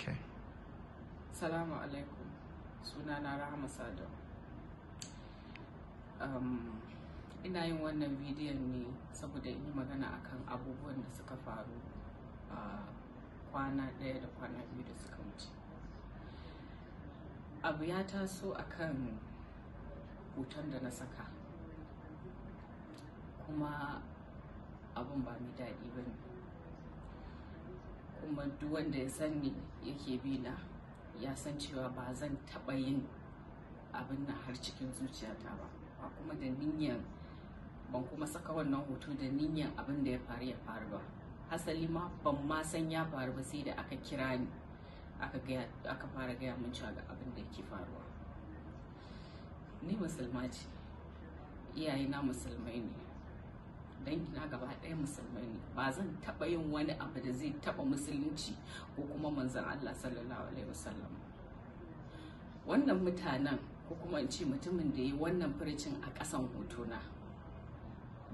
Okay. Salamu alaikum. Sunana Rahama Sado. Um, ina yin wannan bidiyon ne saboda in yi magana akan abubuwan da suka faru a kwana ɗaya da kwana biyu da suka wuce. Abu ya taso akan hoton da na saka. Kuma abun ba mai daɗi ba ne. kuma wanda ya san ni yake bi na ya san cewa ba zan taɓa yin abin nan har cikin zuciyata ba ba kuma da niyyar ban kuma saka wannan hoto da niyyar abin da ya faru ya faru ba hasali ma ban ma san ya faru ba sai da aka kira ni aka fara gaya min cewa ga abin da yake faruwa ni musulma ce iyayena musulmai ne dangi na gaba ɗaya musulmai ne ba zan taɓa yin wani abu da zai taɓa musulunci ko kuma manzon Allah sallallahu alaihi wasallam wannan mutanen ko kuma in ce mutumin da ya wannan furicin a ƙasan hotuna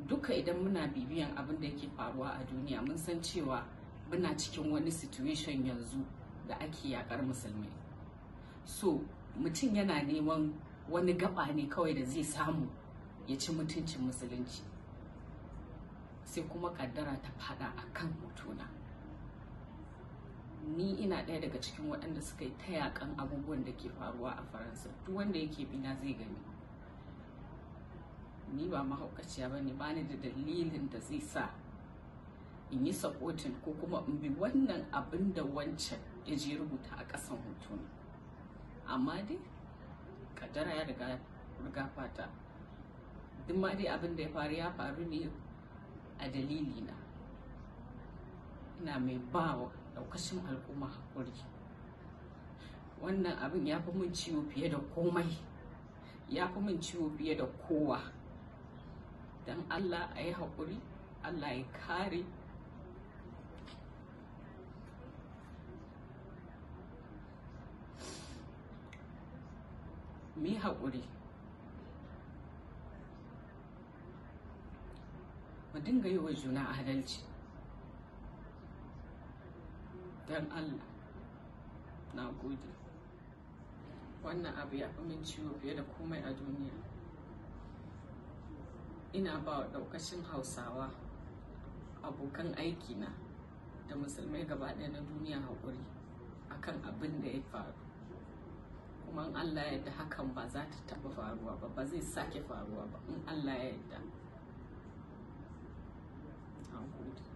duka idan muna bibiyan abin da yake faruwa a duniya mun san cewa muna cikin wani situation yanzu da ake yakar musulmai so mutum yana neman wani gaba ne kawai da zai samu ya ci mutuncin musulunci sai kuma kaddara ta fada a kan hotuna ni ina ɗaya daga cikin waɗanda suka yi ta yakan abubuwan da ke faruwa a faransa duk wanda yake bina zai gani ni ba mahaukaciya ba ne ba ni da dalilin da zai sa in yi supporting ko kuma in bi wannan abin da wancan ya je rubuta a kasan hotuna amma dai kaddara ya riga fata duk ma dai abin da ya faru ya faru ne a dalilina ina mai ba wa daukashin al'umma hakuri wannan abin ya fi min ciwo fiye da komai ya fi min ciwo fiye da kowa don allah a yi haƙuri allah ya kare mu yi haƙuri mu dinga yi wa juna adalci don allah na gode wannan abu ya min ciwo fiye da komai a duniya ina ba wa daukashin hausawa abokan aikina da musulmai gaba ɗaya na duniya haƙuri akan abin da ya faru kuma in allah ya yadda hakan ba za ta taɓa faruwa ba ba zai sake faruwa ba in allah ya yadda. concrete